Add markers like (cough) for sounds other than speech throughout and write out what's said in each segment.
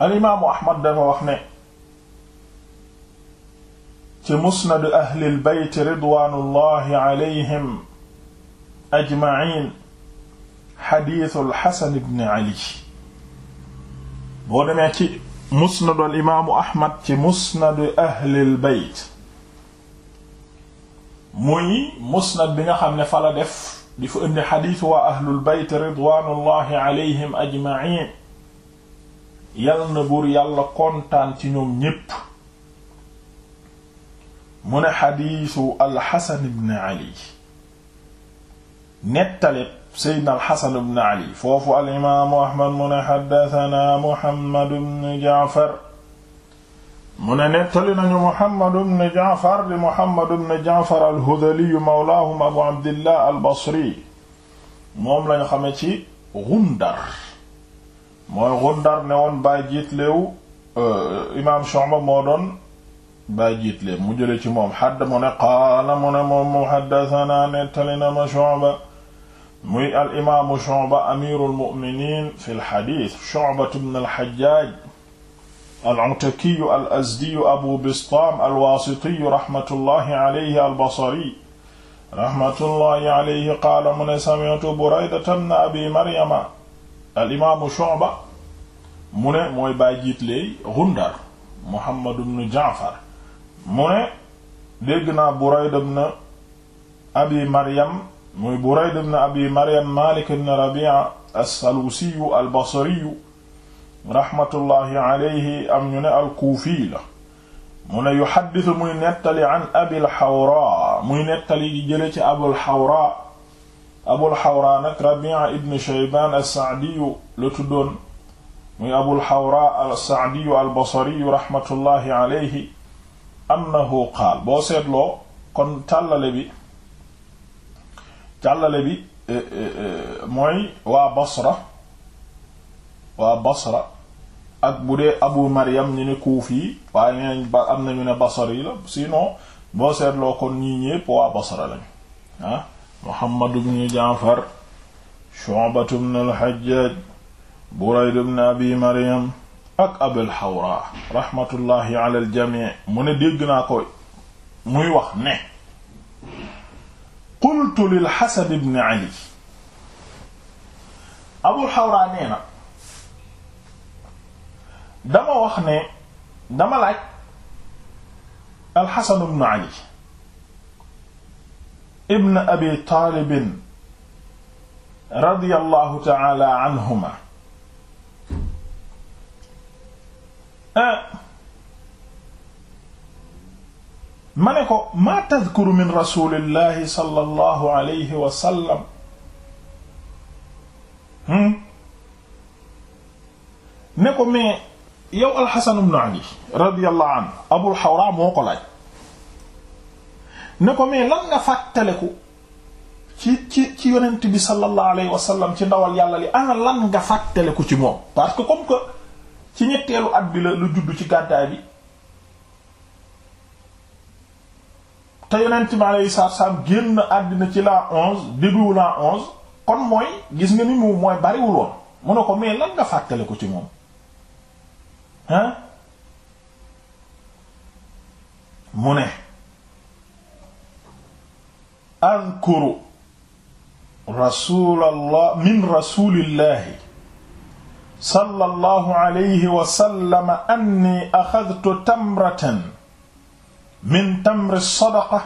al imaamu ahmad dafa wax ne ci musnad ahlil beyt ridwaanullahi alayhim ajmain xadiisul xasan ibn ali boo demee ci musnadu al imaamu ahmad ci musnadu ahlil beyt muy musnad bi nga xam ne fa la def di fa indi xadiis waa ahlul beyt ridwaanullahi alayhim ajmain yal na buur yàlla kontaan ci ñoom ñépp mu ne xadiisu alxasan ibn ali nettaleb seydna alxasan ibn ali foofu alimaamu ahmad mu ne xaddatanaa muhammad ibn jaafar mu ne nettali nañu muhammad ibn jaafar di muhammad ibn jaafar alhudaliyu mawlaahum abu abdillah albasri moom lañu xame ci gundar mooy Ghundar ne woon baay jiitleewu euh, imaam Shu'ba moo doon baay jiitlee mu jële ci moom xadd mu ne qaala mu ne moom mu haddathana nettali na ma Shu'ba muy al imaamu Shu'ba amirul mu'minin fil xadiis Shu'ba ibn al Hajjaj al-Atakiyu al-Azdiyu Abu Bistaam al-Waasitiyu rahmatullahi alayhi al-Basriyu rahmatullahi alayhi qaala mu ne sami'tu Buraydata ibn Abi Maryama al-imaamu Shu'ba mu ne mooy bàyyi jiitleey Gundar Muhammad ibn Jaafar mu ne dégg naa Burayd ibn Abi Maryam muy Burayd ibn Abi Maryam Malik ibn Rabi'a as-Salusi al-Basri rahmatullahi alayhi am ñu ne al-Kufi la mu ne yuhaddithu muy nettali an Abil Hawra muy nettali di jële ci Abul Hawra Abul Hawra nag Rabi'a ibn Shayban as-Sa'di la tuddoon muy abul xawra al saadiyu al basariyu raxmatullahi aleyhi annahu qaal boo seetloo kon càllale bi càllale bi e, e, e, mooy waa basra ak bu dee abu mariam ñu ne kuufi yi waaye neenañ ba am nañu ne basar yi la sinon boo seetloo kon ñii ñépp waa basra lañu ah. muhammad ibn jaafar shu'bat ibn al Burayd ibn Abi Maryam ak Abul Hawra rahmatullahi ala al jamii mu ne dégg naa ko muy wax ne qultu lil Hasan ibn Ali Abul Hawra nee na dama wax ne dama laaj al Hasan ibn Ali ibn Abi Taalib radiyallahu ta'ala anhuma Euh, ma ne ko maa tadkuru min rasulillahi sallallahu alayhi wa sallam hmm? ne ko mais yow alxasan ibn ali radiyallahu anhu abul xawra moo ko ne ko mais lan nga fàttaleku ci ci ci yonent bi sallallahu alayhi wa ci ndawal yàlla li ana lan nga fàttaleku ci moom parce que comme ci ñetteelu at bi la lu juddu ci gàddaay bi te yonent bi alayhi salaatu génn àddina ci la onze début la onze kon mooy gis nga ni mu mooy bariwul woon mu ko mais lan nga fàttale ko ci moom hein mu ne ankuru rasulallah min rasulillahi sallallahu alayhi wa sallam anni axadtu tamratan min tamri sadaqa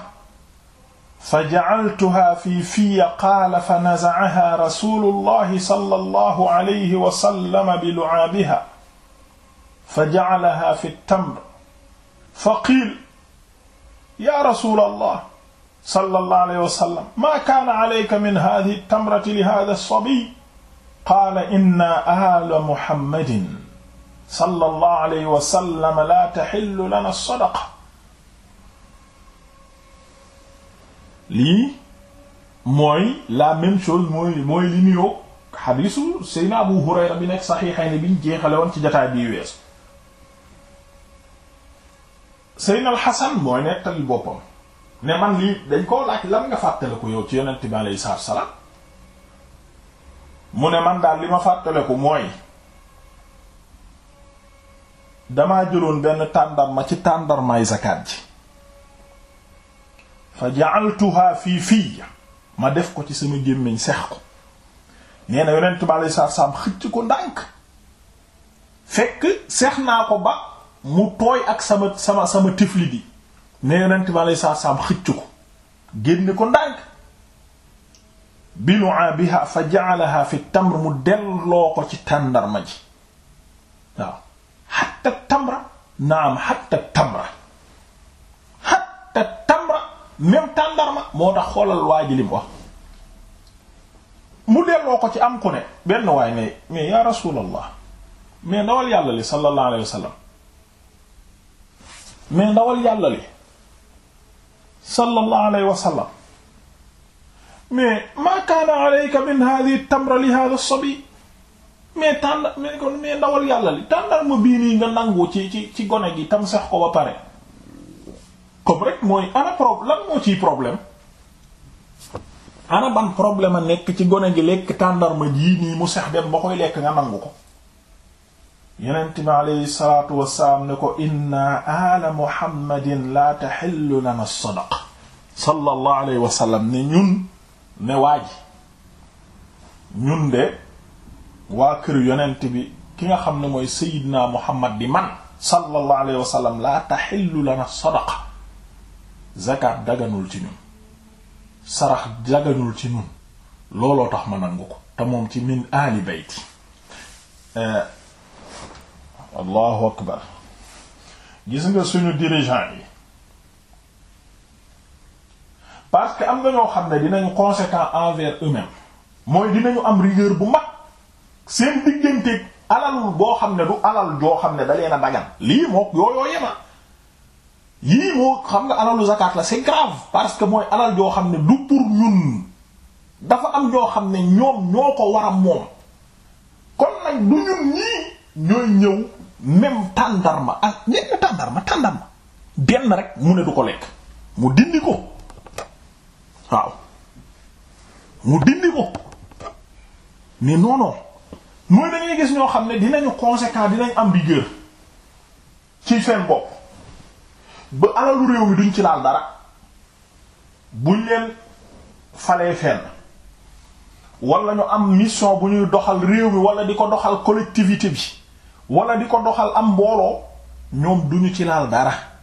fa jacaltuha fi fiya qaala fa nazacaha rasuulullahi sallallahu alayhi wa sallam bi lucaabiha fa jacalaha fi tamr fa qiil yaa rasuulallah sallallahu alayhi wa sallam maa kaana calayka min haadihi tamrati li haadha sabiy qaala inna aala muhammadin sallallahu alayhi wa sallam laa taxillu lana sadaqa lii mooy la même chose mooy mooy li nuyoo xadiisu Seydina Abu Hurayra bi nekk saxiixayni biñ jeexale woon ci jotaay bii weesu Seydina Al-Hasan mooy nettali boppam ne man lii dañ koo laaj lan nga fàttaliku yow ci yonent bi alayhi salaatu wa salaam mu ne man daal li ma fàttaleku mooy damaa jëloon benn tàndarma ci tàndarmaay zakat ji fa ja'altuha fii fii ma def ko ci sama gémmiñ sex ko nee na yonent bi alei satu salaam xëcc ko ndànk fekk seex naa ko ba mu tooy ak sama sama sama tifli bi ne yonent bi alei satu salaam xëcc ko génn ko ndànk bi lu'aabiha fa ja'alaha fi tamr mu delloo ko ci tàndarma ji waaw hatta tamra naam hatta tamra hatta tamra même tàndarma moo tax xoolal waa ji lim wax mu delloo ko ci am ku ne benn waay ne mais ya rasulallah mais ndawal yàlla li sallallahu alayhi wa sallam ndawal yàlla li sallallahu alayhi wa mais ma kaana alayka min hadhihi tamra li hadha as li tàndal ma bii nii nga nangu ci ci ci gone gi tam sax ko ba pare comme rek mooy ana problème lan moo ciy problème ana ban problème a nekk ci gone gi lekk tàndarma jii nii mu sex dem koy lekk nga nangu ko yonent bi aleyhi salaatu wassalaam ne ko inna ala muhammadin la taxillu lana sadaqa sallallahu alayhi wa sallam ne ñun ne waa ñun de waa kër yonent bi ki nga xam ne mooy Seyyidina Muhammad di man sallallahu alayhi wa laa taxillu la sadaqa zakat daganul ci ñun sarax daganul ci ñun looloo tax ma nangu ko te moom ci min aali bayti eh, allahu akbar gis nga suñu dirigeant yi parce que am na ñoo xam ne dinañu conséquent envers eux-mêmes mooy dinañu am rigueur bu mag seen digganteeg alal boo xam ne du alal joo xam ne da leen a bañal lii mook yooyoo yema yii moo xam nga alalu zakat la c'est grave parce que mooy alal joo xam ne du pour ñun dafa am ñoo xam ne ñoom ñoo ko waram a moom kon nag du ñun ñii ñooy ñëw même tàndarma ak ah, ñenn tàndarma tàndarma benn rek mu ne du ko lekk mu dindi ko waaw mu dindi ko mais non non mooy da gis ñoo xam ne dinañu conséquent dinañ am rigueur ci seen bopp ba alalu réew mi duñ ci laal dara buñ leen falee fenn wala ñu am mission bu ñuy doxal réew mi wala di ko doxal collectivité bi wala di ko doxal am mbooloo ñoom duñu ci laal dara.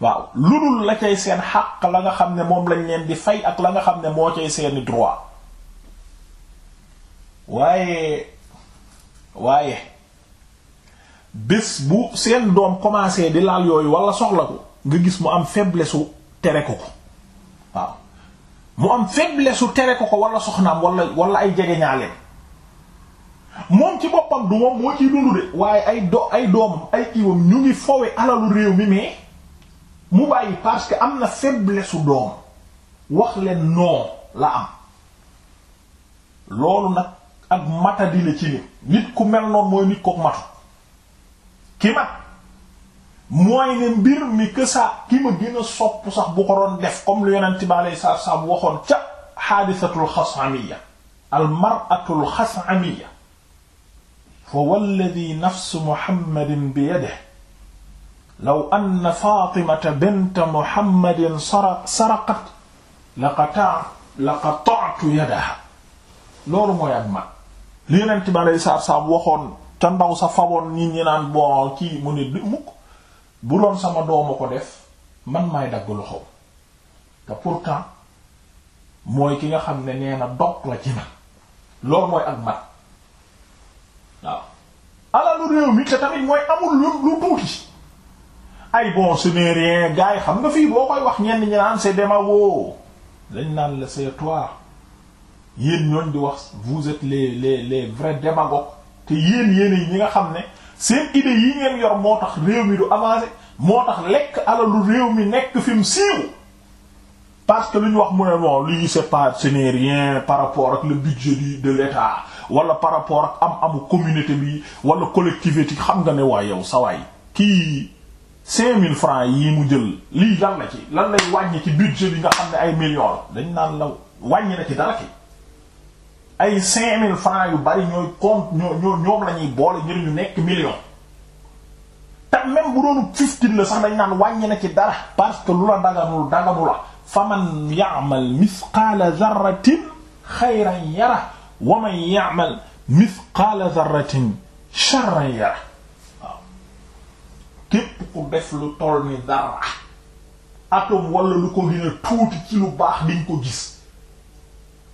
waaw lu dul la cay seen xaq la nga xam ne moom lañ leen di fay ak la nga xam ne moo cay seeni droit waaye waaye bés bu seen doom commencé di laal yooyu wala soxla ko nga gis mu am feblesu su tere ko ko waaw mu am faiblesse su tere ko ko wala soxnaam walla wala ay jege ñaale moom ci boppam du moom moo ciy dund de waaye ay do ay doomam ay kiiwam ñu ngi fowe alalu réew mi mais. mu bàyyi parce que am na faiblesse su doom wax leen non la am loolu nag ak matadi la ci nit nit ku mel noonu mooy nit kook matu ki mat mooy ne mbir mi que ki ma gën a sax bu ko doon def comme lu yonent bi alayhi salaatu salaam waxoon ca xaadisatul xasamiya al mar'atul xasamiya fa walladi nafsu muhammadin bi yadihi law anna faatimata bint muhammadin saraqat laqata'tu yadaha loolu mooy ak mag li ci bi alayhi salaatu salaam waxoon ca ndaw sa faboon nii ñi naan boo kii mu ne du mukk bu doon sama dooma ko def man maay dagg loxoom te pourtant mooy ki nga xam ne nee na dog la ci nag loolu mooy ak mat waaw alalu réew mi te tamit mooy amul lu lu ay bon ce n'est rien yi xam nga fii boo koy wax ñenn ñi naan c'est démagogue dañ naan la c'est toi yéen ñooñ di wax vous êtes les les les vrais te yéen yéen yi ñi nga xam ne seen idées yi ngeen yor moo tax réew mi du avancer moo tax lekk alalu réew mi nekk fim mu siiw parce que lu ñu wax mu ne non lii c'est pas ce par rapport ak le budget du de l'État wala par rapport ak am amu communauté bi wala collectivité xam nga ne waa yow sa waay cinq mille francs yi mu jël lii lan la ci lan lay wàññi ci budget bi nga xam ne ay millions la dañ naan la wàññi na ci dara ki ay cinq mille francs yu bari ñooy compte ñoo ñoom la ñuy boole ngir ñu nekk million te même bu doonu la sax dañ naan wàññi na ci dara parce que lu la daganul daganu la fa man ya'mal mithqala dharratin xayran yara wa man ya'mal mithqala dharratin sharran yara képp ku def lu toll ni dara atom wala lu ko gën tuuti ci lu baax diñ ko gis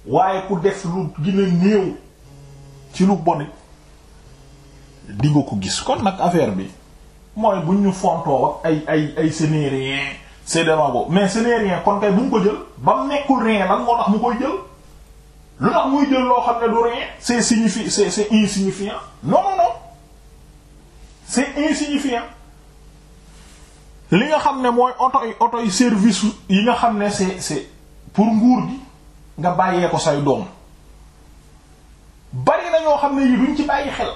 waaye ku def lu gën néew ci lu bon di nga ko gis kon nag affaire bi mooy buñ ñu fontoo ak ay ay ay ce n'est rien c'est mais ce n'est kon kay bu mu ko jël ba mu nekkul rien lan moo tax mu koy jël lu tax muy jël loo xam ne du rien c'est signifi c'est c'est insignifiant non non non c'est li nga xam ne mooy oto yi oto yi service yi nga xam ne c'est c'est pour nguur gi nga bàyyee ko say doom bari na ñoo xam ne yi duñ ci bàyyi xel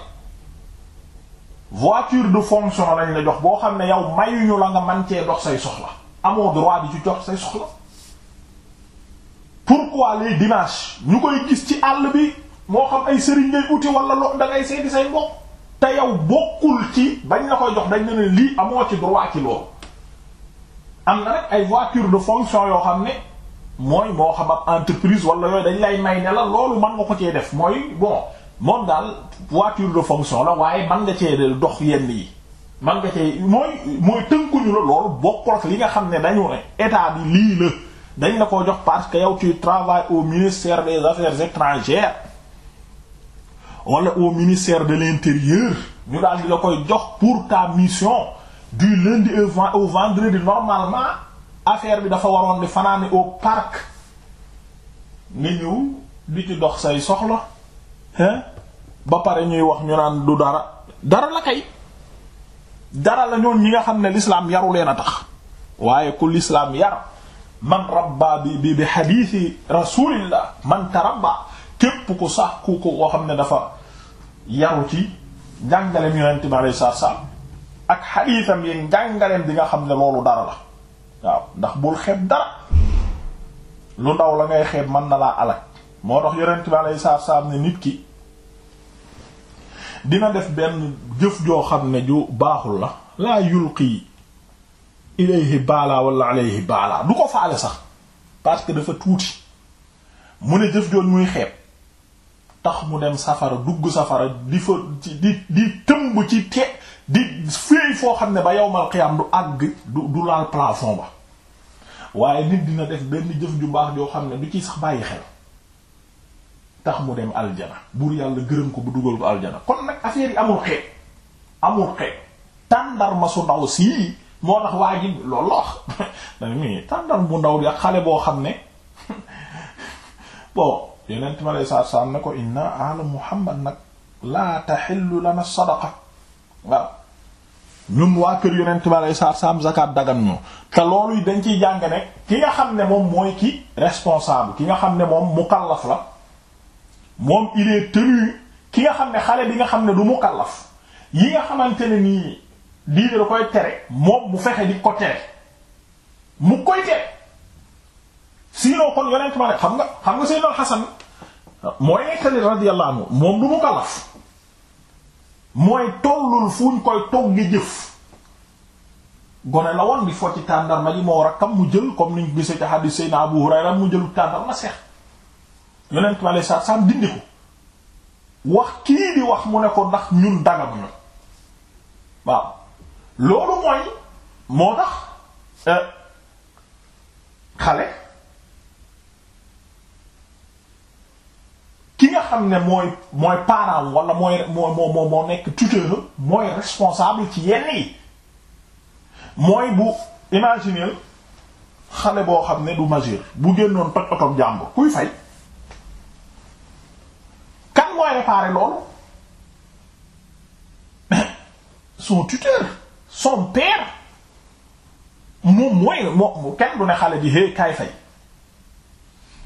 voiture de fonction lañ la jox boo xam ne yow mayuñu la nga man cee dox say soxla amoo droit bi ci jox say soxla pourquoi les dimanches ñu koy gis ci àll bi moo xam ay sëriñ ngay uti wala lo da seeti say mbokk te yow bokkul ci bañ la koy jox dañ ne lii amoo ci droit ci loolu am na rek ay voiture de fonction yoo xam ne mooy moo xam ab entreprise wala yooyu dañ lay may ne la loolu mën nga ko cee def mooy boo moom daal voiture de fonction la waaye mën nga cee dox yenn yi man nga cee mooy mooy tënkuñu la loolu bokkul ak li nga xam ne dañu ne état bi lii la dañ la ko jox parce que yow tu travailles au ministère des affaires étrangères wala au ministère de l'intérieur ñu daal di la koy jox pour ta mission du lundi au vendredi normalement affaire bi dafa waroon di fanaani au park nga ñëw di ci dox say soxla hein ba pare ñuy wax ñu naan du dara dara la kay dara la ñi nga xam ne lislaam yaru leen a tax waaye ku lislaam yar man rabba bi bi bi xadiisi rasulillah man tarabba képp ku sax ku ko koo xam ne dafa yaru ci njàngale mi yonent bi alayhi salaam ak xadiisam yi njàngaleem di nga xam ne loolu dara la waaw ndax bul xeeb dara lu ndaw la ngay xeeb man na laa alak moo tax yonent bi alayhi salaatu salaam ne nit ki dina def benn jëf joo xam ne ju baaxul la laa yulqi ilayhi baala wala alayhi baala du ko faale sax parce que dafa tuuti mu ne jëf joon muy xeeb tax mu dem safara dugg safara di fa di di tëmb ci te di féey foo xam ne ba yowmal xiyaam du àgg du du laal plafond ba waaye nit dina def benn jëf ju baax joo xam ne du ci sax bàyyi xel tax mu dem aljana buur yàlla gërëm ko bu dugal ko aljana kon nag affaire yi amul xeet amul xeet tàndarma su ndaw sii moo tax waa ji loolu wax (laughs) bu ndaw bi ak xale boo xam ne (laughs) bon yeneen ma lay saar saar ne ko inna ala muhammad nag laa taxillu lana sadaqa waaw ñun waa kër yonent bi alei saatu salaam zakat dagan ñu te loolu dañ ciy jàng ne ki nga xam ne moom mooy ki responsable ki nga xam ne moom mukallaf la moom il est tenu ki nga xam ne xale bi nga xam ne du mukallaf yi nga xamante ne nii diine da koy tere moom mu fexe di ko tere mu koy tere sinon kon yonent ma ne xam nga xam nga Seydina Hasan mooy nekkali radiyallahu anhu moom du mukallaf mooy tollul fu ñu koy toggi jëf gone la woon di fo ci tàndarma ji moo rakkam mu jël comme ñu gisee ci hadith Seydina Abu Hurayra mu jëlu tàndarma seex yonent ma lay sa sam dindi ko wax kii di wax mu ne ko ndax ñun dagam ñu waaw loolu mooy moo tax euh, xale ki nga xam ne mooy mooy parent wala mooy moo moo nekk tuteur mooy responsable ci yenn yi mooy bu imaginer xale boo xam ne du majeur bu génnoon toj oto jàmbur kuy fay kan mooy réparer loolu (coughs) son tuteur son père moom mooy kenn du ne xale ji hey kay fay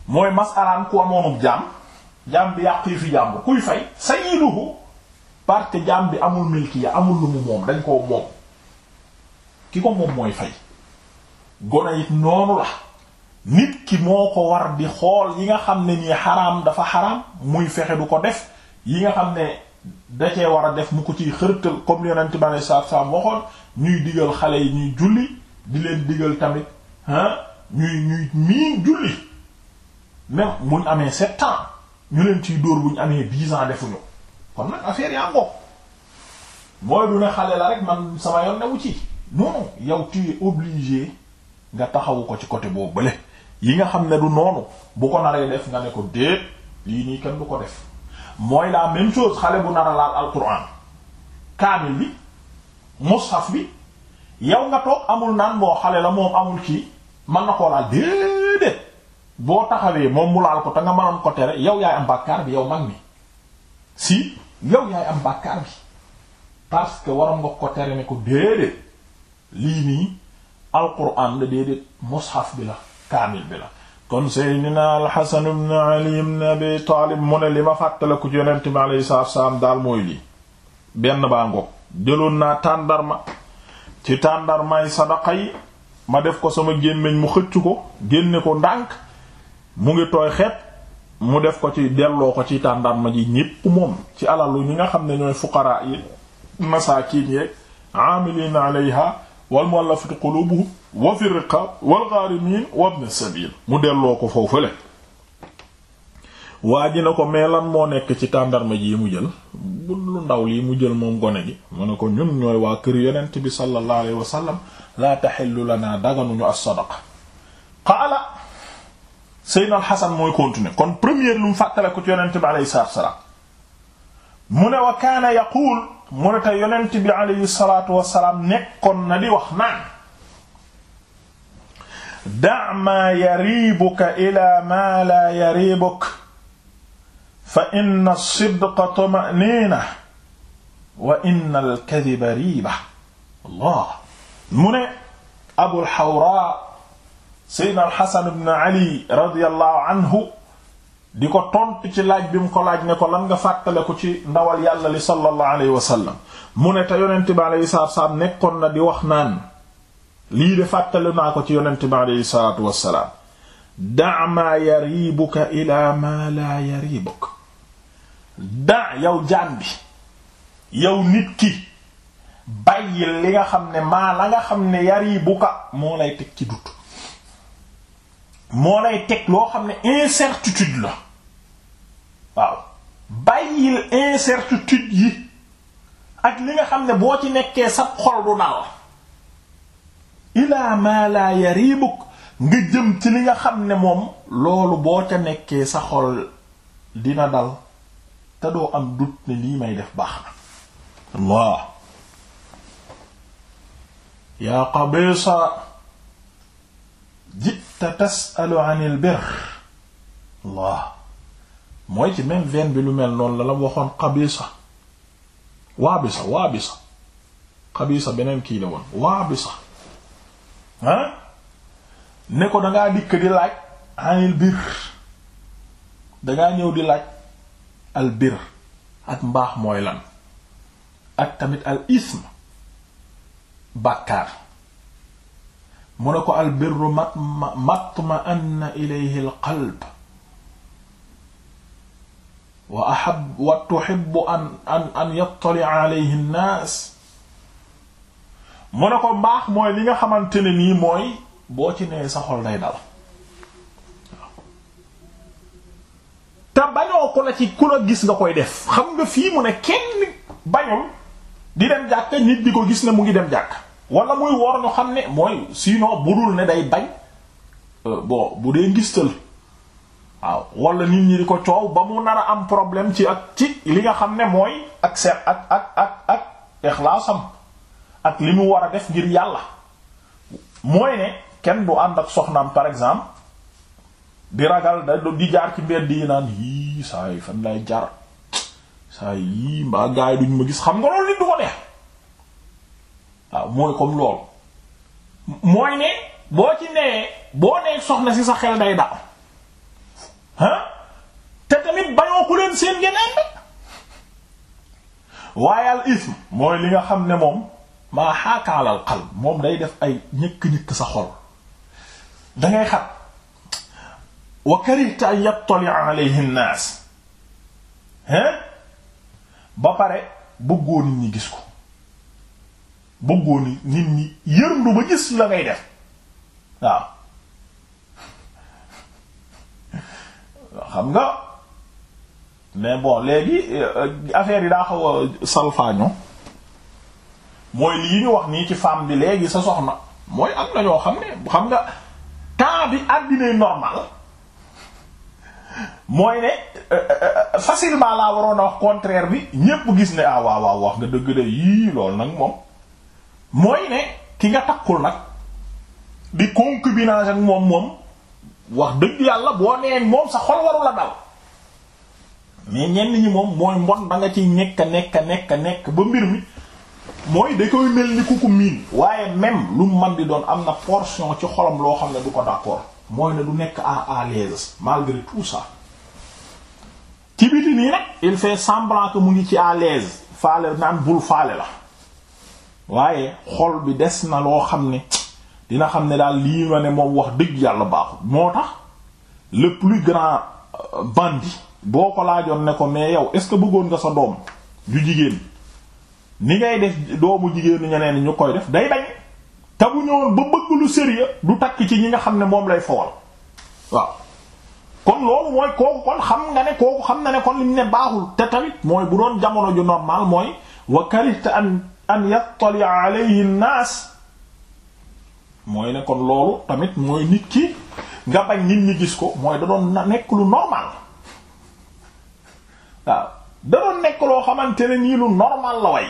mooy masalaan ku amoonub jaam jaam bi yàq yi fi jàmbur kuy fay sayyiduhu parce que jaam bi amul milkiya amul lu mu moom dañ koo moom ki ko moom mooy fay gone it noonu la nit ki moo ko war di xool yi nga xam ne nii xaraam dafa xaraam muy fexe du ko def yi nga xam ne da cee war a def mu ko ciy xërtal comme yonent bi alei satu salaam waxoon ñuy digal xale yi ñuy julli di leen digal tamit ah ñuy ñuy miin julli même muñ amee sept ñu leen ciy dóor bu ñu amee dix ans defuñu kon nag affaire yaa ngoog mooy du ne xale la rek man sama yoon newu ci non non yow tu es nga taxawu ko ci côté boobu bële yi nga xam ne du noonu bu ko naree def nga ne ko déet lii nii kenn du ko def mooy la même chose xale bu nar a laal alquran kaamil bi mushaf bi yow nga toog amul naan boo xale la moom amul kii mën na koo laal déet. boo taxawee moom mu laal ko te nga mënoon ko tere yow yaay am bàkkaar bi yow mag mi si yow yaay am bàkkaar bi parce que waroon nga ko tere ne ko déedéet lii nii alquran la déedéet mushaf bi la kaamil bi la kon seydina alxasan ibn ali ibn abi taalib li ma fàttaliku ci yonent bi alayhi daal mooy lii benn baa ngoog jëloon naa tàndarma ci tàndarmaay sadaqa yi ma def ko sama gémmiñ mu xëcc ko génne ko ndànk mu ngi tooy xet mu def ko ci delloo ko ci tàndarma ji ñépp moom ci alalu ñi nga xam ne ñooy fuqaraa yi masaakiin yeeg aamiliina alayha wal mu'allafati qulubuhum wa fi riqab wal gharimiin mu delloo ko foofule waa ji na ko mais lan moo nekk ci tàndarma ji mu jël bu lu ndaw lii mu jël moom gone gi mu ne ko ñun ñooy waa kër yonent bi sallallahu alayhi wa sallam laa taxillu lanaa daganuñu as-sadaqa Seydina Xasan mooy continuer kon première lu mu fàttale ko ci yonent bi aleyhi salaatu wa salaam mu ne wa kaana yaquul mu ne te yonent bi aleyhi salaatu wa salaam nekkoon na di wax naan da' maa yariibuka ilaa maa laa yariibuka fa inna as-sidqa tuma'niina wa inna al-kadhiba riiba Allah mu ne Abul Hawraa seydna alxasan ibn ali radiallahu anhu di ko tontu ci laaj bi mu ko laaj ne ko lan nga fàttale ko ci ndawal yàlla li sallallahu alayhi wasallam mu ne te yonent bi nekkoon na di wax naan lii de fàttale naa ko ci yonent bi alayhi salaatu wasalaam da maa yariibuka ila ma laa yariibuk da yow jaan bi yow nit ki bàyyil li nga xam ne maa la nga xam ne yariibuka moo lay teg ci dut moo lay teg loo xam ne incertitude la waaw bàyyil incertitude yi ak li nga xam ne boo ci nekkee sa xol du dal ila ma la yaribuk nga jëm ci li nga xam ne moom loolu boo ca nekkee sa xol dina dal te doo am dut ne lii may def baax na Allah yaa Qabisa jitta tasalu anil birr Allah mooy ci même veine bi lu mel noonu la la waxoon xabisa waabisa waabisa xabisa beneen kii la woon waabisa ah ne ko dangaa dikk di laaj anil birr dangaa ñëw di laaj al birr ak mbaax mooy lan ak tamit al ism bàkkaar mu ne ko al ma matma matma'anna ilayhi al qalb wa ko mbaax mooy li nga xamante ne nii mooy boo ci nee sa xol day te bañoo ko la ci ku la gis nga koy def xam nga fii mu ne kenn bañul di dem jàkk nit ko gis ne mu ngi dem jàkk wala muy wor ñu xam ne mooy sinon budul ne day bañ euh, bo bu dee ngistal waaw walla nit ñi di ko coow ba mu nar a am problème ci ak ci li nga xam ne mooy ak seet ak ak ak ak ixlaasam ak li mu war a def ngir yàlla mooy ne kenn du ànd ak soxnaam par exemple di ragal da di jaar ci mbedd yi naan yii saa fan lay jaar saa yii mbaa gaay duñ ma gis xam nga loolu nit du ko neex waaw mooy comme loolu mooy ne boo ci nee boo nee soxna si sa xel day daq ah te tamit bañoo ku leen seen ngeen li nga xam ne moom maa xaaka alal moom day def ay ñëkk-ñëkk sa xol dangay xat wa karihta an yattali alayhi ba pare bëggoo nit ñi gis ko bëggoon nit ñi yërndu ba gis la ngay def waaw xam nga mais bon léegi euh, affaire yi daa xaw a salfaaño mooy lii ñu wax nii ci femme bi léegi sa soxna mooy am na ñoo xam ne xam nga temps bi àddina normal mooy ne euh, euh, facilement laa waroon a wax contraire bi ñépp gis ne ah waaw waaw wax nga dëgg de yii loolu nag moom mooy ne ki nga takkul nag di concubinage ak moom moom wax dëgg yàlla boo nee moom sa xol waru la dal mais ñenn ñi moom mooy mbon ba nga ci nekk nekk nekk nekk ba mbir mi mooy da koy mel ni kuku miin waaye même lu man di doon am na portion ci xolam loo xam ne du ko d'accord mooy ne du nekk à à l'aise malgré tout ça ci biti nii nag il fait semblant mu ngi ci à l'aise faale naan bul faale la waaye xol bi des na loo xam ne dina xam ne daal lii ma ne moom wax dëgg yàlla baaxul moo tax le plus grand euh, bandit boo ko laajoon ne ko mais yow est-ce que bëggoon nga sa doom ju jigéen ni ngay def doomu jigéenu ñeneen ñu koy def day bañ te bu ñëwoon ba bëgg lu sérieux du takk ci ñi nga xam ne moom lay fowal waaw kon loolu mooy kooku kon xam nga ne kooku xam na ne kon lim ne baaxul te tamit mooy bu doon jamono ju normal mooy wa karihta an an yattali alayhi naas mooy ne kon loolu tamit mooy nit ki nga bañ nit ñi gis ko mooy da doon nekk lu normal da doon nekk loo xamante ne nii lu normal la way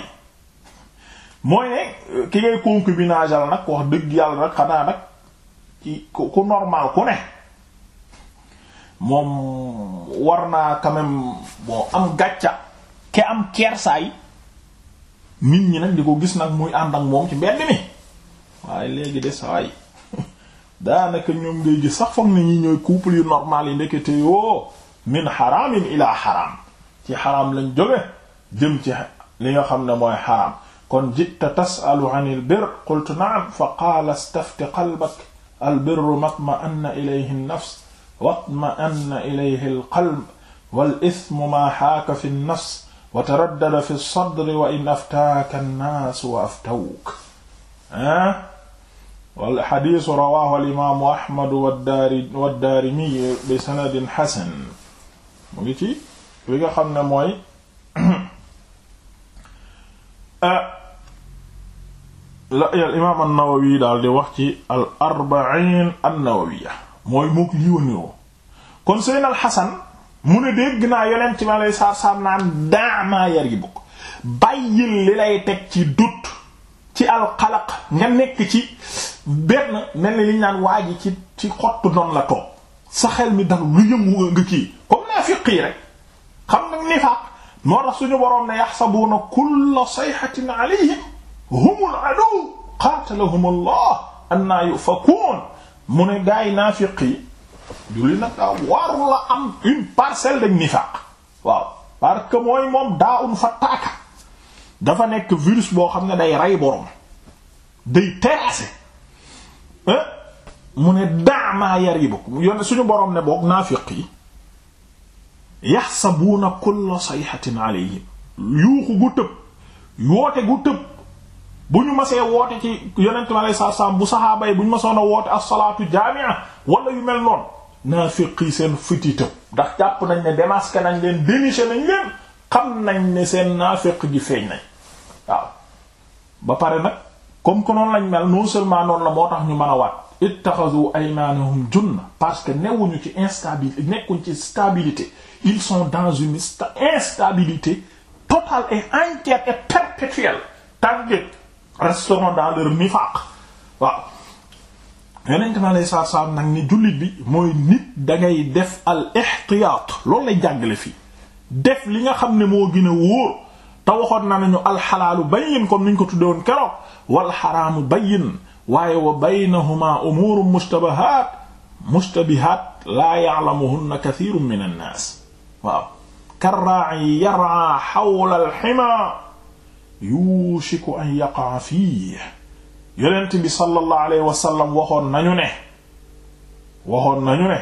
mooy ne euh, ki ngay concubinage al nag wax dëgg yàlla nag xanaa nag ci ku normal ku ne moom war naa quand même bon am gàcca ke am kersaay nit ñi nag di ko gis nag muy ànd ak moom ci mbedd mi waaye léegi de saay (laughs) daanaka ñoom ngay gis sax foog nañu ñooy couple yu normal yi ndekete yoo min xaraamin ilaa xaraam ci xaraam lañ jóge jëm ci li nga xam ne mooy xaraam kon jitta tasalu an il bir naam fa qaala stafti qalbak al birru matma anna ilayhi nafs watma anna ilayhi al qalb wal ithmu ma xaaka fi an nafs wa taraddada fi sadri wa in aftaaka an-naas wa aftawk ah wal xadiis rawaahu al-imaamu Ahmad wad-Daarimi bi sanadin xasan mu ngi ci li nga xam ne mooy (clears throat) ah, la al-imaam an-Nawawi daal di wax ci al-arba'iin an-nawawiyya mooy mook lii woon kon Seydina al-Xasan mu ne dégg naa yonent ma lay saar saar naan daamaa yar yi bukk bàyyil li lay teg ci dut ci alxalaq nga nekk ci benn mel ni liñ naan waa ji ci ci xottu noonu la toog sa xel mi dal lu yëngu nga kii comme naa fiqi rek xam nag nifaaq moo tax suñu boroom ne yaxsabuuna kulla sayhatin alayhim humul aduw qaatalahum allah annaa yufakuun mu ne gaay naafiqi jullit nag daa waru la am une parcelle de nifaq waaw parce que mooy moom daa un fataaka dafa nekk virus boo xam ne day rey borom day terrasser eh? mu ne daamaa yaribuk yone suñu borom ne boog naafiq yi yaxsabuuna kulla sayhatin alayhim yuuxu gu tëb yoote gu tëb bu ñu masee woote ci yonent mi alayhi salaatu salaam bu saxaaba yi bu ñu masoon a woote as-salaatu jaami'a wala yu mel noonu naafiq yi seen fititam ndax jàpp nañ ne démasqué nañ leen déniché nañ leen xam nañ ne seen naafiq gi feeñ nañ waaw ba pare nag comme que noonu lañ mel non seulement noonu la moo tax ñu mën a waat ittaxadu aymaanahum junna parce que newuñu ci instabilité nekkuñ ci stabilité ils sont dans une instabilité totale et entière et perpétuelle tàngeeg resteront dans leur nifaq waaw yonent mi aleyhi salaatu salaam nag ni jullit bi mooy nit dangay def al ixtiyaat lool lay jàngale fi def li nga xam ne moo gën a wóor te waxoon na nañu alxalaalu bayyin comme niñ ko tudde woon keroog wal xaraamu bayyin waaye wa baynahuma umuurun mustabahaat mustabihaat laa ya'lamuhunna kathiirun min annaas waaw karraa'i yar'aa xawla alximaa yushiku an yaqaa fii yonent bi sallallahu alayhi wa sallam waxoon nañu ne waxoon nañu ne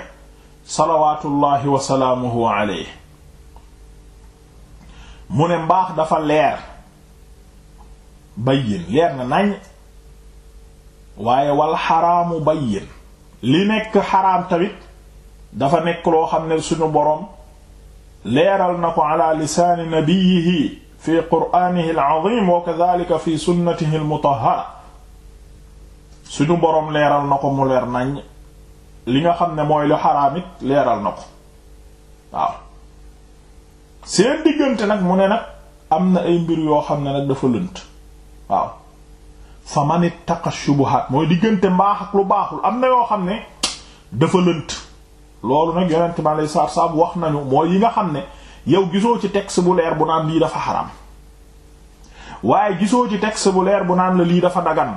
salawatullahi wa salaamuhu alayhi mu ne mbaax dafa leer bayyin leer na nañ waaye wal xaraamu bayyin li nekk xaraam tamit dafa nekk loo xam ne suñu boroom leeral na ko ala lisaani fi qur'anihi al-azim wa kadhalika fi sunnatihi al boroom leeral na ko mu leer nañ li nga xam ne mooy lu leeral na ko seen diggante nag mu ne nag am na ay mbir yoo xam ne nag dafa lënt waaw fa man ittaqa shubuhat mooy diggante mbaax ak lu baaxul am na yoo xam ne dafa lënt loolu nag yonent ma lay saar saab wax nañu mooy yi nga xam ne yow gisoo ci texte bu leer bu naan lii dafa xaram waaye gisoo ci texte bu leer bu naan la lii dafa dagan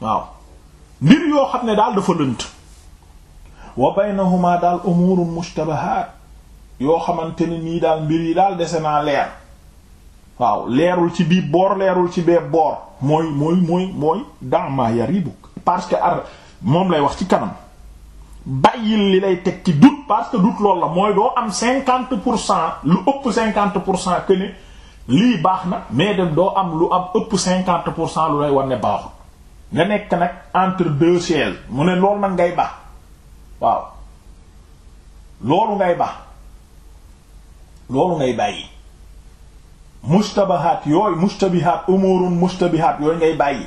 waaw mbir yoo xam ne daal dafa lënt wa baynahuma daal umurun mushtabahat yoo xamante ne nii daal mbir yi daal dese naa leer waaw leerul ci bii boor leerul ci bee boor mooy mooy mooy mooy dama yaribuk parce que ar moom lay wax ci kanam bàyyil li lay teg ci doute parce que doute loolu la mooy doo am cinquante pour cent lu ëpp cinquante pour cent que ne lii baax na mais dem doo am lu am ëpp cinquante pour cent lu lay war ne baaxul nga nekk nag entre deux mu ne loolu nag ngay baax waaw loolu ngay baax loolu ngay bàyyi mustabahaat yooyu mustabihaat umurun mustabihaat yooyu ngay bàyyi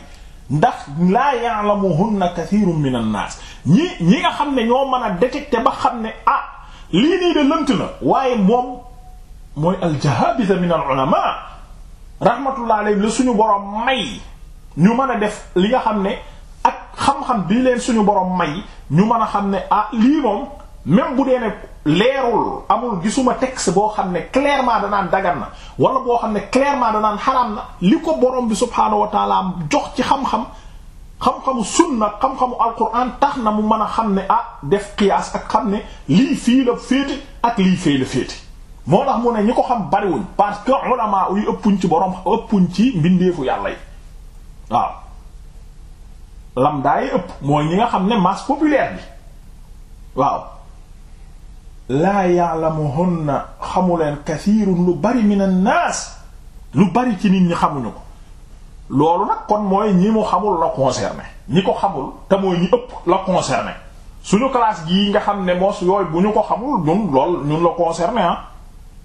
ndax laa ya'lamuhunna kathirun min an-nas ñi ñi nga xam ne ñoo mën a détecter ba xam ne ah lii nii de lënt na waaye moom mooy al-jahabitha min al-ulama rahmatullah la suñu borom may ñu mën a def li nga xam ne ak xam-xam bii leen suñu borom may ñu mën a xam ne ah lii moom même bu dee ne leerul amul gisuma texte boo xam ne clairement danaan dagan na wala boo xam ne clairement danaan xaraam na li ko borom bi subhaanahu wa taala jox ci xam-xam xam-xamu sunna xam-xamu alquran tax na mu mën a xam ne ah def qiyaas ak xam ne lii fii la féete ak lii fee la féete moo tax mu ne ñi ko xam bariwuñ parce que ulama yi ëppuñ ci borom ëppuñ ci mbindeefu yàlla yi waaw lam daay ëpp mooy ñi nga xam ne masse populaire bi waaw laa ya'lamuhunna xamuleen kasiirun lu bari min naas lu bari ci nit ñi xamuñu ko loolu nag kon mooy ñi mu xamul la concerné ñi ko xamul te mooy ñi ëpp la concerné suñu classe gii nga xam ne mos yooyu bu ñu ko xamul ñun lool ñun la concerné ah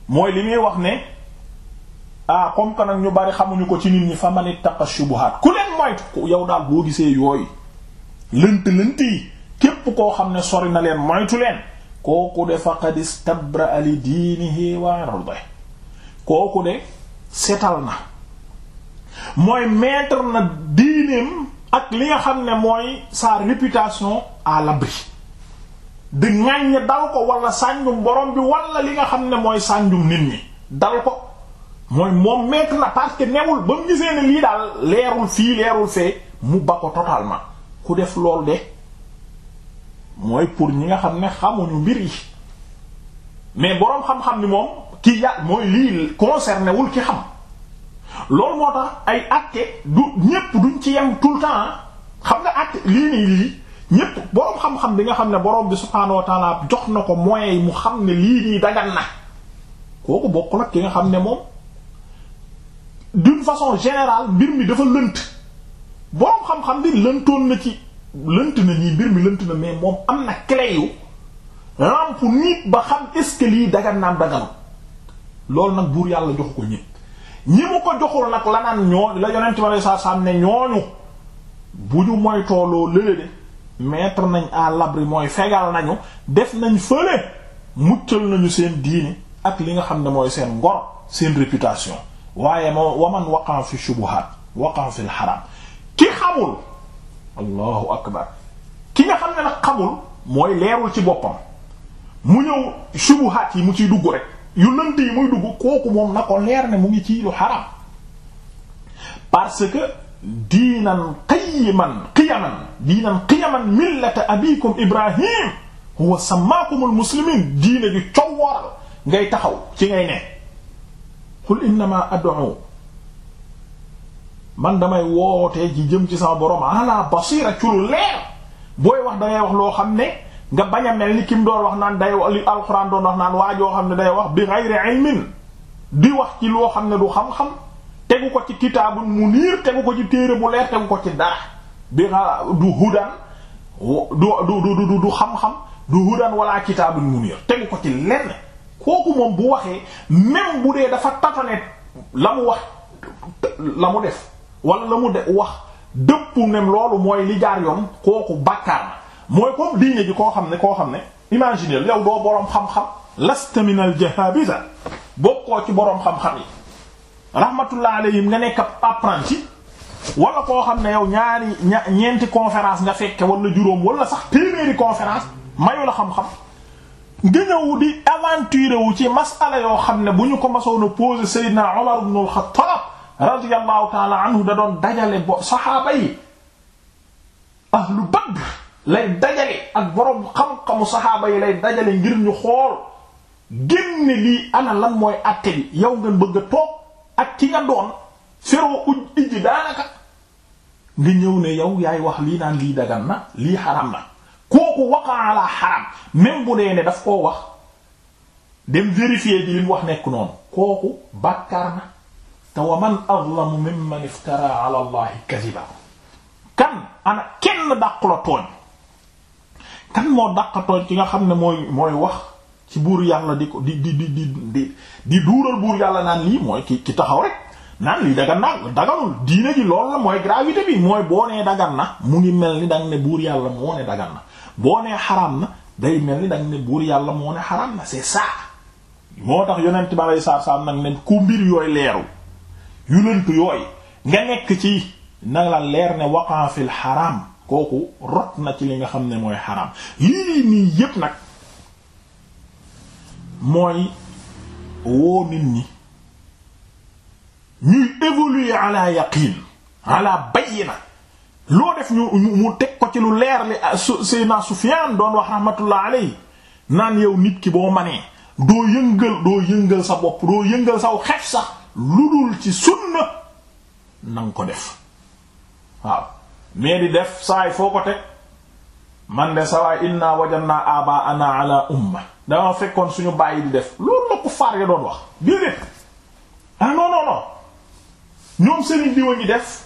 mooy li muy wax ne ah comme que nag ñu bari xamuñu ko ci nit ñi fa man ittaqa shubuhaat ku leen moytu yow daal boo gisee yooyu lënt lënt yi képp koo xam ne sori na leen moytu leen kooku de faqad istabra li diinihi wa irdihi kooku de setal na mooy mettre na diineem ak li nga xam ne mooy sa réputation à l'abri di ŋàññ dal ko wala sànjum borom bi walla li nga xam ne mooy sànjum nit ñi dal ko mooy moom mettre na parce que newul ba mu gisee ne lii daal leerul fii leerul fee mu ba ko totalement ku def loolu de mooy pour ñi nga xam ne xamuñu mbir yi mais boroom xam-xam ni moom ki ya mooy lii concerné wul ki xam loolu moo tax ay acte du ñépp duñ ci yem tout le temps ah. xam nga acte lii nii lii ñépp boroom xam-xam bi nga xam ne boroom bi subhaanahu wa jox na ko mooy mu xam ne lii nii dagan na kooku bokk ak ki nga xam ne moom d'une façon général mbir mi dafa lënt boroom xam-xam bi lëntoon na ci. lënt na nii mbir mi lënt na mais moom am na clé yu lamp nit ba xam est-ce que lii dagan naam dagan loolu nag buur yàlla jox ko ñëpp ñi mu ko joxul nag lanaan ñoo la yonent bi alei satu salaam ne ñooñu bu ñu mooy tooloo lële de nañ à l'abri mooy fegal nañu def nañ fële muccal nañu seen diini ak li nga xam ne mooy seen ngor seen réputation waaye moo waman waqan fi shubuhat waqan fil haram ki xamul allahu akbar ki nga xam ne nag xamul mooy leerul ci boppam mu ñëw subuhaat yi mu ciy dugg rek yu lënt yi muy dugg kooku moom na ko leer ne mu ngi ci lu xaram parce que diinan qiyiman qiyaman diinan qiyaman millata abikum ibrahim huwa samaakumul muslimin diine ju cow waral ngay taxaw ci ngay ne qul innama ad'u man damay wootee ci jëm ci sax borom ala basira ci lu leer booy wax dangay wax loo xam ne nga bañ a mel ni kim doon wax naan day li alxuraan doon wax naan waa joo xam ne day wax bi ghayri ilmin di wax ci loo xam ne du xam-xam tegu ko ci kitaabun munir tegu ko ci téere bu leer tegu ko ci dara bi du hudan du du du du xam-xam du hudan wala kitaabun munir tegu ko ci lenn kooku moom bu waxee même bu dee dafa tatane la mu wax la mu def wala la mu de wax dëppu ne loolu mooy li jaar yoon kooku bàkkaar na mooy comme diine ji koo xam ne koo xam ne imaginer yow doo boroom xam-xam lasta min al jahabiza bokkoo ci boroom xam-xam yi rahmatullah alayhim nga nekk apprenti wala koo xam ne yow ñaari ñeenti conférence nga fekke wala juróom wala sax téeméeri conférence mayu la xam-xam nga ñëw di aventure wu ci masala yoo xam ne bu ñu ko ma a posé Seydina Omar ibn al-Khattab radiyallahu taala anhu da doon dajale bo saxaaba yi ahlu badr lay dajale ak borom xam-xamu saxaaba yi lay dajale ngir ñu xool génne lii ana lan mooy àtte bi yow ngeen bëgg a toog ak doon feroo uj daanaka nga ñëw ne yow yaay wax lii naan lii dagan na lii xaram na kooku waqaa ala xaram même bu dee daf koo wax dem vérifier bi li mu wax nekk noonu kooku bàkkaar na te wa man azlamu mimman iftara ala allahi kadiba kan ana kenn dàq tooñ kan moo dàq tooñ ki nga xam ne mooy mooy wax ci buur yàlla di ko di di di duural buur yàlla naan lii mooy ki ki taxaw rek naan lii dagan na daganul diine ji loolu la mooy gravité bi mooy boo nee dagan na mu ngi mel ni danga ne buur yàlla moo ne dagan na boo nee xaraam na day mel ni danga ne buur yàlla moo ne xaraam na c'est ça moo tax yonent bi alei saatu salaam nag ne ku mbir yooyu leeru yu lëntu yooyu nga nekk ci na la leer ne waqan fil kooku rot na ci li nga xam ne mooy xaraam lii nii yépp nag mooy woo nit ñi ñuy évoluer ala yaqin ala bayina loo def ñu mu teg ko ci lu leer li ah, Seydina Sufyaan doon wax rahmatullah alayhi naan yow nit ki boo manee doo yëngal doo yëngal sa bopp doo yëngal saw xef sax lu dul ci sunna nanga ko def waaw mais di def saay foo ko teg man de sawaay inna wajanna aba ana ala umma dama fekkoon suñu bàyyi di def loolu la ko faar ya doon wax déedéet ah non non ñoom sëriñ diwa ñi def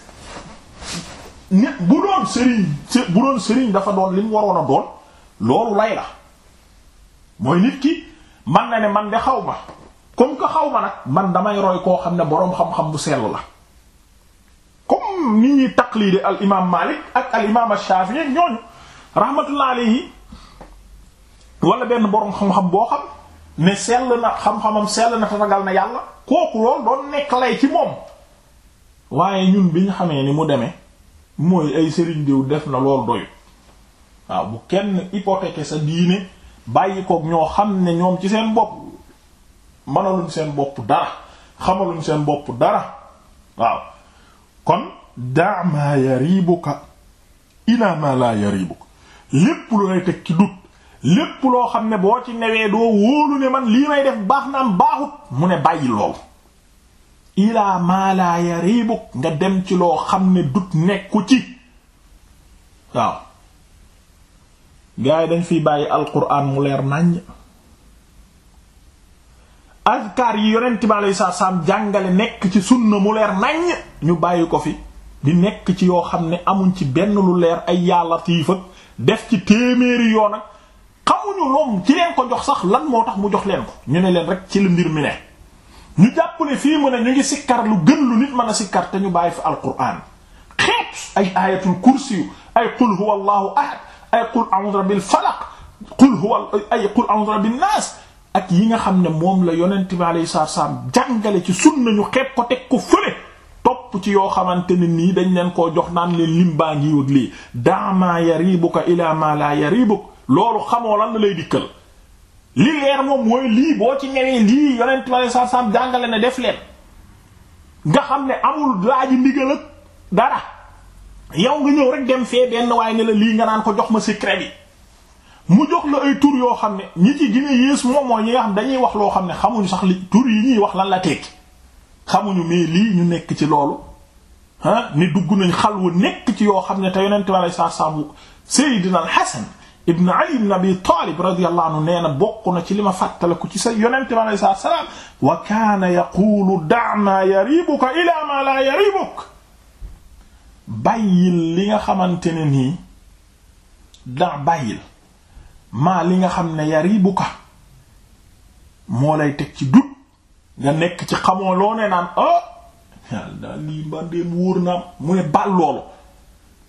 ni bu doon sëriñ bu doon sëriñ dafa doon li mu waroon a doon loolu lay la mooy nit ki man na ne man de xaw ma comme que xaw ma nag man damay roy koo xam ne boroom xam-xam bu sell la comme ni ñuy taqlide al imaam Maalik ak al imaam Shaafi'i ñooñu rahmatullah alayhi wala benn boroom xam-xam boo xam ne sell na xam-xamam sell na tatagal na yàlla kooku lool doon nekk lay ci moom waaye ñun bi ñu xamee ni mu demee mooy ay sëriñ diw def na lool doyu waaw bu kenn hypothéquer sa diine bàyyi kook ñoo xam ne ñoom ci seen bopp mënaluñ seen bopp dara xamaluñ seen bopp dara waaw kon daa ma yaribuka ila ma la yaribuka lépp lu lay teg ci dut lépp loo xam ne boo ci newee doo wóolu ne man lii may def baax na am baaxut mu ne bàyyi loolu ila ma la nga dem ci loo xam ne dut nekku ci waaw gaa yi dañ fiy bàyyi alquran mu leer nàññ azkar yi yonent bi alayhi salaam jàngale nekk ci sunna mu leer naññ ñu bàyyi ko fi di nekk ci yoo xam ne amuñ ci benn lu leer ay yàlla latiif def ci téeméeri yoon ak xamuñu loom ci leen ko jox sax lan moo tax mu jox leen ko ñu ne leen rek ci lu mbir mi ne ñu jàpp ne fii mu ne ñu ngi sikkar lu gën lu nit mën a sikkar te bàyyi fi alquran xeet ay ayatul kursi ay qul huwa allahu ahad ay qul a'udhu rabbil falaq qul huwa ay qul a'udhu rabbin nas ak yi nga xam ne moom la yonent bi alayhi salaam jàngale ci sunna ñu xeeb ko teg ko fële topp ci yoo xamante ne nii dañ leen koo jox naan leen lim baa ngi wut lii daamaa yaribuka ilaa maa laa yaribuk loolu xamoo lan lay dikkal li leer moom mooy lii boo ci ñëwee lii yonent bi alayhi salaam jàngale na def leen nga xam ne amul raaji ndigal ak dara yow nga ñëw rek dem fee benn waaye ne la lii nga naan ko jox ma secret bi mu jox la ay tur yoo xam ne ñi ci gine yées moom mooy ñi nga xam dañuy wax loo xam ne xamuñu sax li tur yi ñuy wax lan la tekki xamuñu mais lii ñu nekk ci loolu ah ni dugg nañ xalwa nekk ci yoo xam ne te yonent bi alei sat selaam Seydina al Hasan ibn Ali ibn Abi Talib radiyallahu anhu nee na bokk na ci li ma fàttaliku ci sa yonent bi alei sat salaam wa kaana yaqulu da' ma yaribuka ila ma la yaribuk bàyyil li nga xamante ne nii da bàyyil maa li nga xam ne yari bu moo lay teg ci dut nga nekk ci xamoo loo ne naan ah yàlla daal lii mbandeem wóor naam mu ne bal loolu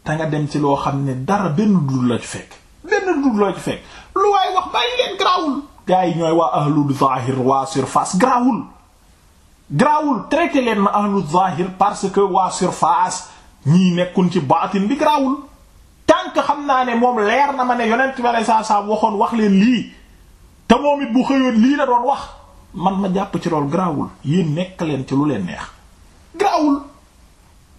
te dem ci loo xam ne dara benn dut la ci fekk benn dut la ci fekk lu waaye wax bàyyi leen grawul gaa yi ñooy waa ahlul zahir waa surface grawul grawul traité leen ma ahlul zahir parce que waa surface ñii nekkun ci baatin bi grawul tànk xam naa ne moom leer na ma ne yonent bi alei saa saab waxoon wax leen lii te moom it bu xëyoon lii la doon wax man ma jàpp ci loolu grawul yéen nekk leen ci lu leen neex grawul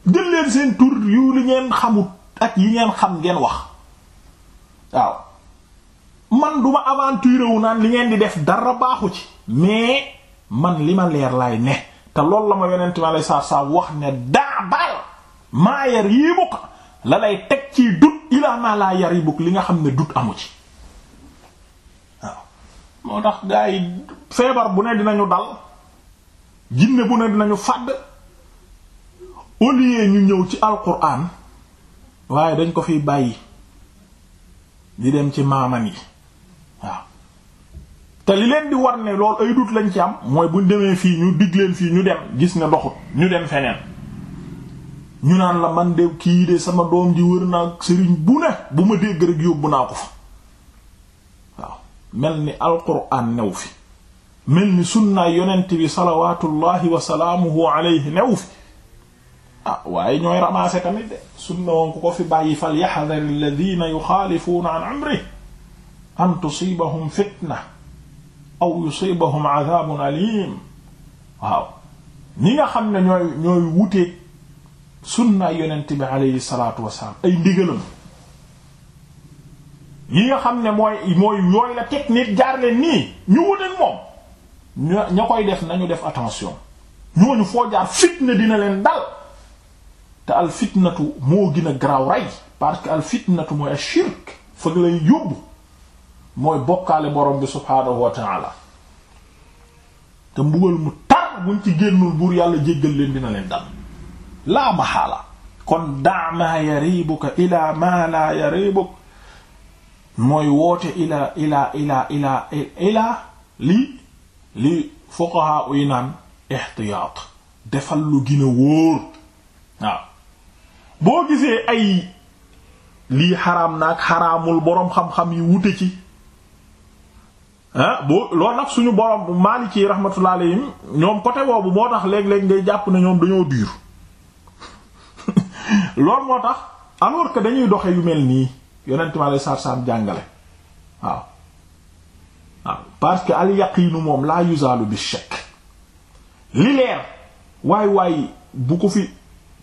jël leen seen tur yu li ngeen xamut ak yi ngeen xam ngeen wax waaw man duma aventure wu naan li ngeen di def dara baaxu ci mais man li ma leer laay ne te loolu la ma yonent bi alei saa salaam wax ne daa baal maayar yii mu la teg ci dut ilaa ma laa yaribuk li nga xam ne dut amu ci waaw moo tax gaa yi feebar bu ne dinañu dal jinne bu ne dinañu fàdd au lieu ñu ñëw ci alquran waaye dañ ko fi bàyyi di dem ci maamam yi waaw te li leen di war ne loolu ay dut lañ ci am mooy buñ demee fii ñu dig leen fii ñu dem gis nga doxut ñu dem feneen ñu naan la man de kii de sama doom ji wër naa sëriñ bu ne bu ma dégg rek yóbbu naa ko fa mel ni alquran new fi mel ni sunnaay yonent bi salawatullahi wa salaamuhu alayhi new fi ah waaye ñooy ramasser tamit de sunna woon ku ko fi bàyyi fal yaxdar alladina yuxaalifuuna nga xam ne ñooy ñooy wuteeg sunnaay yonent bi aleyhi salaatu wasalaam ay ndigalam yi nga xam ne mooy mooy yooyu la teg nit jaar leen nii ñu wuteeg moom ña koy def nañu def attention ñooñu foo jaar fitna dina leen dal te al fitnatu moo gina a garaaw rey parce que al fitnatu mooy a shirk fëg lay yóbbu mooy bokkaale boroom bi subhaanahu wa te mbugal mu tar buñ ci génnul buur yàlla jéggal leen dina leen dal laa maxaala kon daa maa yaribuka ilaa maa laa yaribuk mooy woote ilaa ilaa ilaa ilaa ilaa lii li fuqaha uy naan ixtiyaat defal lu gën a wóor waaw boo gisee ay lii xaraam naag xaraamul boroom xam-xam yi wute ci ah boo loolu nag suñu boroom Maliki rahmatullah alayhim ñoom côté boobu moo tax léeg-léeg ngay jàpp ne ñoom dañoo diir loolu moo tax alors que dañuy doxe yu mel nii yonent mi alei satu salaam jàngale waaw waaw parce que al yaqiinu moom laa yuzaalu bi shakk li leer waay waay bu ko fi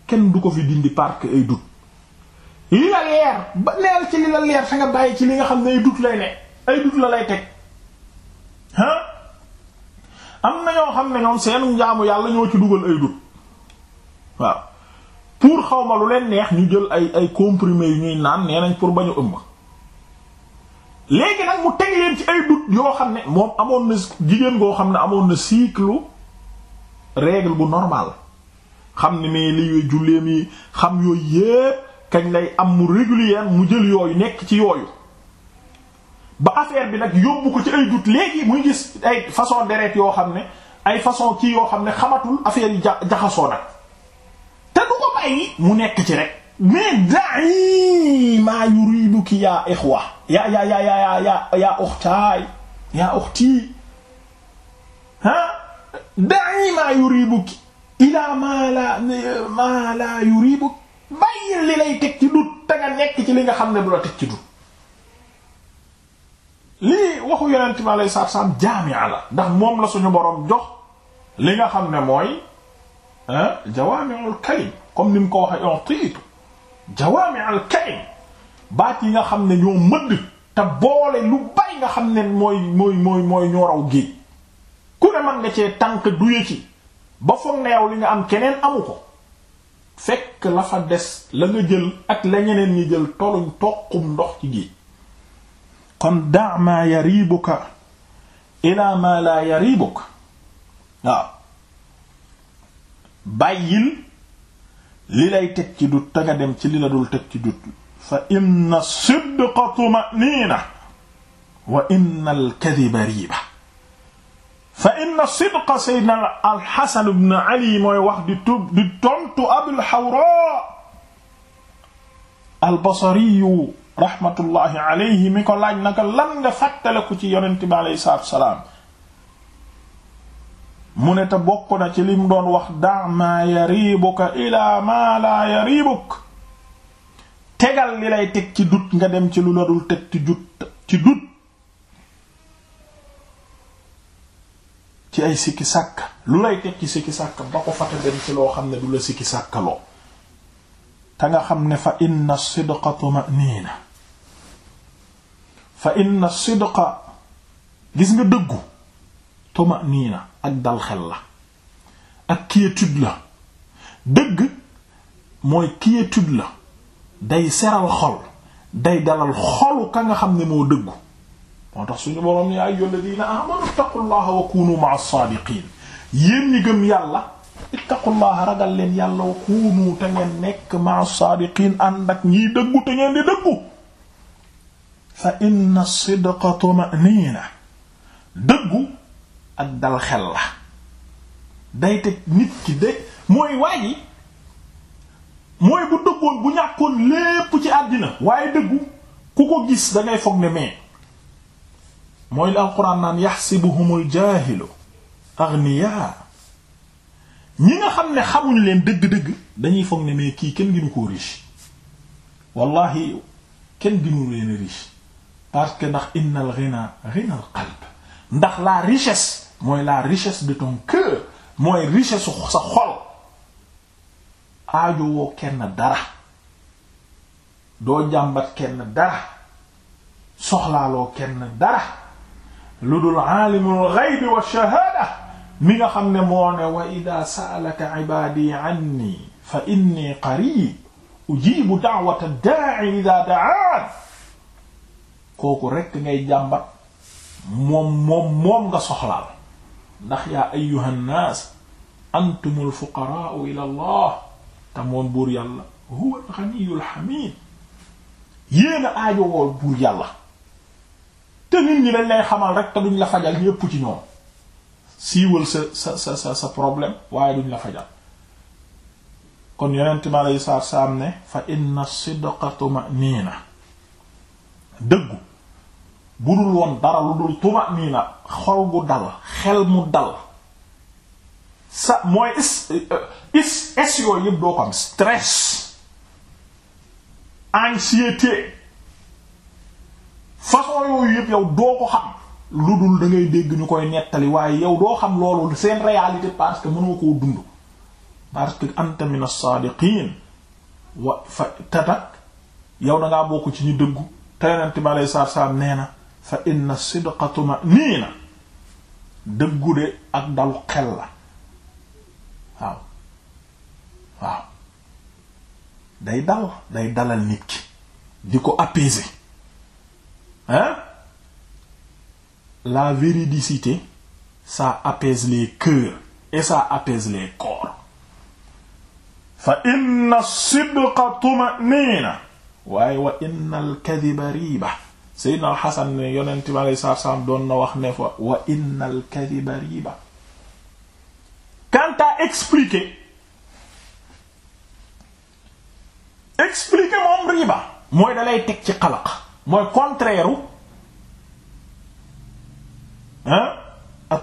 kenn du ko fi dindi parce ay dut li la leer ba leer ci li la leer sa nga bàyyi ci li nga xam ne ay dut lay ne ay dut la lay teg ah am na ñoo xam ne ñoom seenu njaamu yàlla ñoo ci dugal ay dut waaw pour xawma lu leen neex ñu jël ay ay comprimés yu ñuy naan nee nañ pour bañu ëmb léegi nag mu tegleen ci ay doute yoo xam ne moom amoon na jigéen goo xam ne amoon na cycle règle bu normal xam ne mais li yooyu julleem yi xam yooyu yépp kañ lay am mu régulier mu jël yooyu nekk ci yooyu ba affaire bi nag yóbbu ko ci ay doute léegi muy gis ay façon deret yoo xam ne ay façon ci yoo xam ne xamatul affaire yi jaxasoo nag te du ko yi mu nekk ci rek mais da'i maa yuriduki yaa ixwa yaa yaa yaa yaa yaa yaa uxtaay yaa uxtii ah da'i maa yuriduki ilaa maa laa maa laa yuriduki li lay teg ci dut te nga nekk ci li nga xam ne bu la teg ci dut lii waxu yonent bi alayhi salaatu salaam jaami'a la ndax moom la suñu boroom jox li nga xam ne mooy jawaami'ul kalim comme ni mu ko waxee utiitu jawaami al baat yi nga xam ne ñoo mëdd te boole lu bay nga xam ne mooy mooy mooy mooy ñoo raw géej ku ne nga cee tànk duye ci ba foog ne li nga am keneen amu ko fekk la fa des la nga jël ak la ñeneen ñi jël toluñ toqum ndox ci géej kon daa ma yaribuka ila ma la yaribuka waaw bàyyil li lay teg ci dut te nga dem ci li la dul teg ci dut fa inna sidqa tuma'nina wa inna al-kadhiba riba fa inna sidqa sayyidina al-Hasan ibn Ali mooy wax di tub di tontu Abul Hawra al-Basriyu rahmatullahi alayhi mi ko laaj naka lan nga fàttaliku ci yonent bi alayhi salaatu wa salaam mu ne te bokk na ci lim doon wax da ma ilaa ma laa yariibuk tegal li lay teg ci dut nga dem ci lu la dul teg ci dut ci ay sikki sàkk lu lay teg ci sikki sàkk ba ko fata dem ci loo xam ne du la sikki sàkkaloo te nga xam ne fa inna sidqa tumaniina fa inna sidqa gis nga dëggu tumaniina ak dal xel la ak quiétude la dëgg mooy quiétude la day seral xol day dalal xolu ka nga xam ne moo dëggu moo tax suñu boroom ne ayyuhal ladina amanu ittaqullaha wa kunu ma'as saadiqin yéen ñi gëm yàlla ittaqullaha ragal leen yàlla wa kunu te ngeen nekk ma'as saadiqin ànd ak ñiy dëggu te di dëggu fa inna sidqa tuma'nina dëggu ak dal xel la day teg nit ki day mooy waa ji mooy bu dëggoon bu ñàkkoon lépp ci àddina waaye dëggu ku ko gis da ngay foog ne mais mooy la alquran naan yaxsibuhumul jaahilu aghniya ñi nga xam ne xamul leen dëgg-dëgg dañuy foog ne mais kii kenn ginu koo riche wallahi kenn ginu leen riche parce que ndax innal ghina ghina al qalb ndax la richesse mooy la richesse de ton cœur mooy richesse sa xol aajo woo kenn dara doo jàmbat kenn dara soxlaaloo kenn dara lu dul aalimul ghaybi wa shahaada mi nga xam ne moo ne wa ida saalaka ibaadi anni fa inni qarib ujibu da'wata da'i ida da'an kooku rekk ngay jàmbat moom moom moom nga soxlaal ndax yaa ayyuha nnaas antumul fuqaraau ila allah te moom buur yàlla huwa alxaniyul xamid yéen a aajo wool buur yàlla te nit ñi dañ lay xamal rek te duñ la fajal ñépp ci ñoom siiwal sa sa sa sa sa problème waaye duñ la fajal kon yonent mi aleyi salaatu salaam ne fa inna sidqa tuma'nina dëggu bu dul woon dara lu dul tuma nii na xol gu dal xel mu dal sa mooy is eh, is is yooyu yëpp doo ko am stress anxiété façon yooyu yëpp yow doo ko xam lu dul da ngay dégg ñu koy nettali waaye yow doo xam loolu seen réalité parce que mënoo koo dund parce que anta min as-sadiqin wa fa tatak yow da ngaa ci ñu dëggu te bi aleyhi salaatu wa nee na fa inna sidqa tuma'nina dëggu de ak dalu xel la waaw waaw day dal day dalal nit ki di ko apaiser hein la véridicité ça apaise les cœurs et ça apaise les corps fa inna sidqa tuma'nina waaye wa inna al-kadhiba riba Seydina Xasan ne yonent bi alei satu salaam doon na wax ne fa wa innal kadiba riba quant à expliquer moom riba mooy dalay teg ci xalaq mooy contraire u ah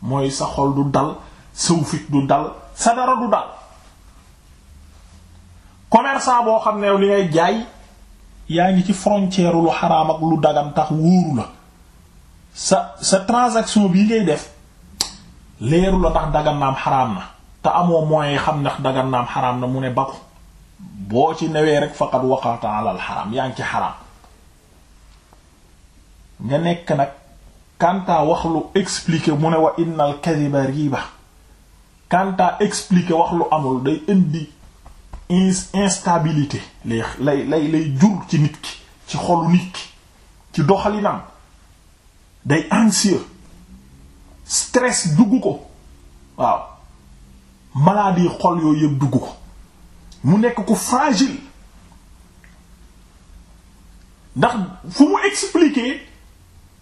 mooy sa xol du dal saw fit du dal sa dara du dal commerçant boo xam ne li ngay jaay yaa ngi ci frontière lu xaraam ak lu dagan wóoru la sa sa transaction bii ngay def leeru la tax dagan xaraam na te amoo moyen xam ndax dagan naam xaraam na mu ne ba boo ci newee rek faqat waxata ala xaraam yaa ngi ci xaraam nga nekk nag kanta wax lu expliquer mu ne wa innal kadhiba riba kanta expliquer wax lu amul day indi instabilité lay lay lay lay jur ci nit ki ci xolu nit ki ci doxalinam day anxieux stress dugg ko waaw maladie xol yooyu yëpp dugg ko mu nekk ku fragile ndax fu mu expliquer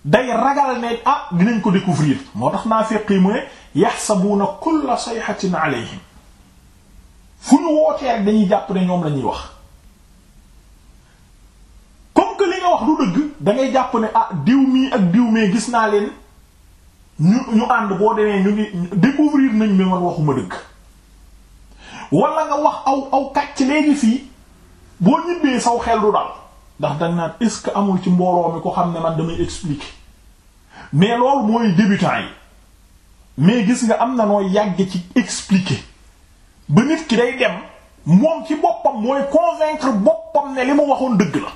day ragal ne ah dinañ ko découvrir moo tax naa feqi mu ne yaxsabuuna kulla sayhatin alayhim fu ñu wootee dañuy jàpp ne ñoom lañuy wax comme que li nga wax du dëgg dangay jàpp ne ah diw mii ak diw mee gis naa leen ñu ñu ànd boo demee ñu ngi découvrir nañ bi man waxuma dëgg wala nga wax aw aw kàcc léegi fii boo ñibbee saw xel du dal ndax danga naan est amul ci mbooloo mi ko xam ne man damay expliquer mais loolu mooy débutant yi mais gis nga am na noo yàgg ci expliquer ba nit ki day dem moom ci boppam mooy convaincre boppam ne li mu waxoon dëgg la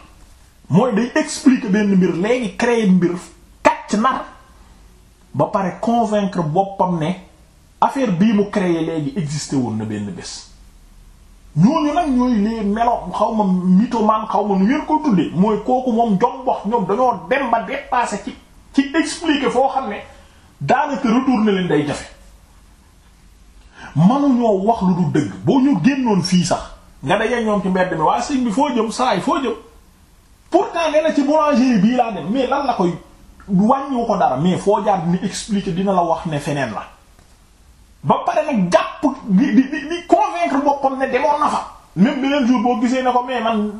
mooy day expliquer benn mbir léegi créer mbir kàcc nar ba pare convaincre boppam ne affaire bii mu créer léegi existé woon na benn bés ñooñu nag ñooy les melo xaw ma mythomane xaw ma nu ngeen ko tuddee mooy kooku moom jom wax ñoom dañoo dem ba dépassé ci ci expliquer foo xam ne daanaka retourner leen day jafe manuñoo wax lu du dëgg boo ñu génnoon fii sax nga daje ñoom ci mbedd mi waaye sëñ bi foo jëm saa yi foo jëm pourtant nee na ci boulangerie bii laa dem mais lan la koy wàññiwu ko dara mais foo jaan ni expliquer dina la wax ne feneen la ba pare nag jàpp di di di convaincre boppam ne demoon na fa même beneen jour boo gisee ne ko mais man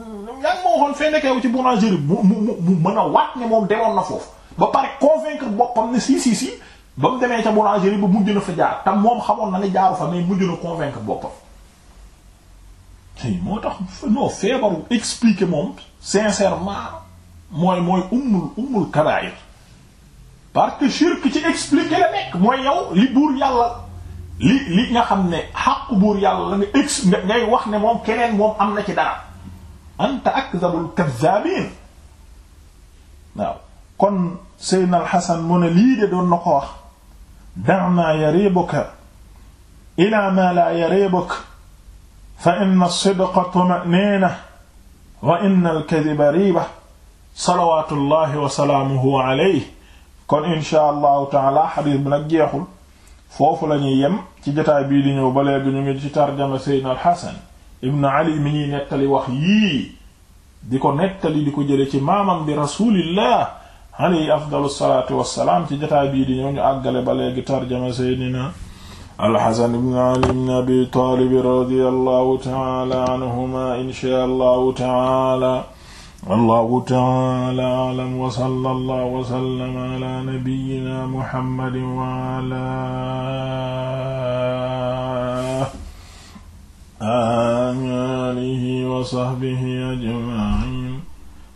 yaa ngi ma waxoon fee nekkeewu ci boulangerie mu mu mu mën a waat ne moom demoon na foofu ba pare convaincre boppam ne si si ba mu demee ca boulangerie ba mujj na fa jaar tam moom xamoon na ne jaar fa mais mujj na convaincre boppam. moo tax non feebaru expliquer moom sincèrement mooy mooy ummul ummul kabaa'ir parce que shirk ci expliquer la nekk mooy yow li buur yàlla li li nga xam ne xàqu buur yàlla la nga ex ngay wax ne moom keneen moom am na ci dara anta akdabul kaddaabin waaw kon Seydina Al Hasan mu ne lii de doon na ko wax da' maa yariibuka ilaa maa laa yariibuka fa inna as-sidqa tuma'niina wa inna al-kadhiba riiba salawaatu llahi wa salaamuhu alayhi kon inshaa allahu taala xadiis bi nag jeexul foofu la ñuy yem ci jotaay bii di ñëw ba léegi ñu ngi ci tarjama Seydina al-Hasan ibn Ali mi ñuy nettali wax yii di ko nettali di ko jële ci maamam bi rasulillah alayhi afdalu salaatu wassalaam ci jotaay bii di ñëw ñu àggale ba léegi tarjama seydina alxasan ibn ali ibn abi taalib radiyallahu taala anhuma inshaa allahu taala wallahu taala alam wa sallallahu wa sallama ala nabiyyina muhammadin wa ala alihi wa sahbihi ajma'in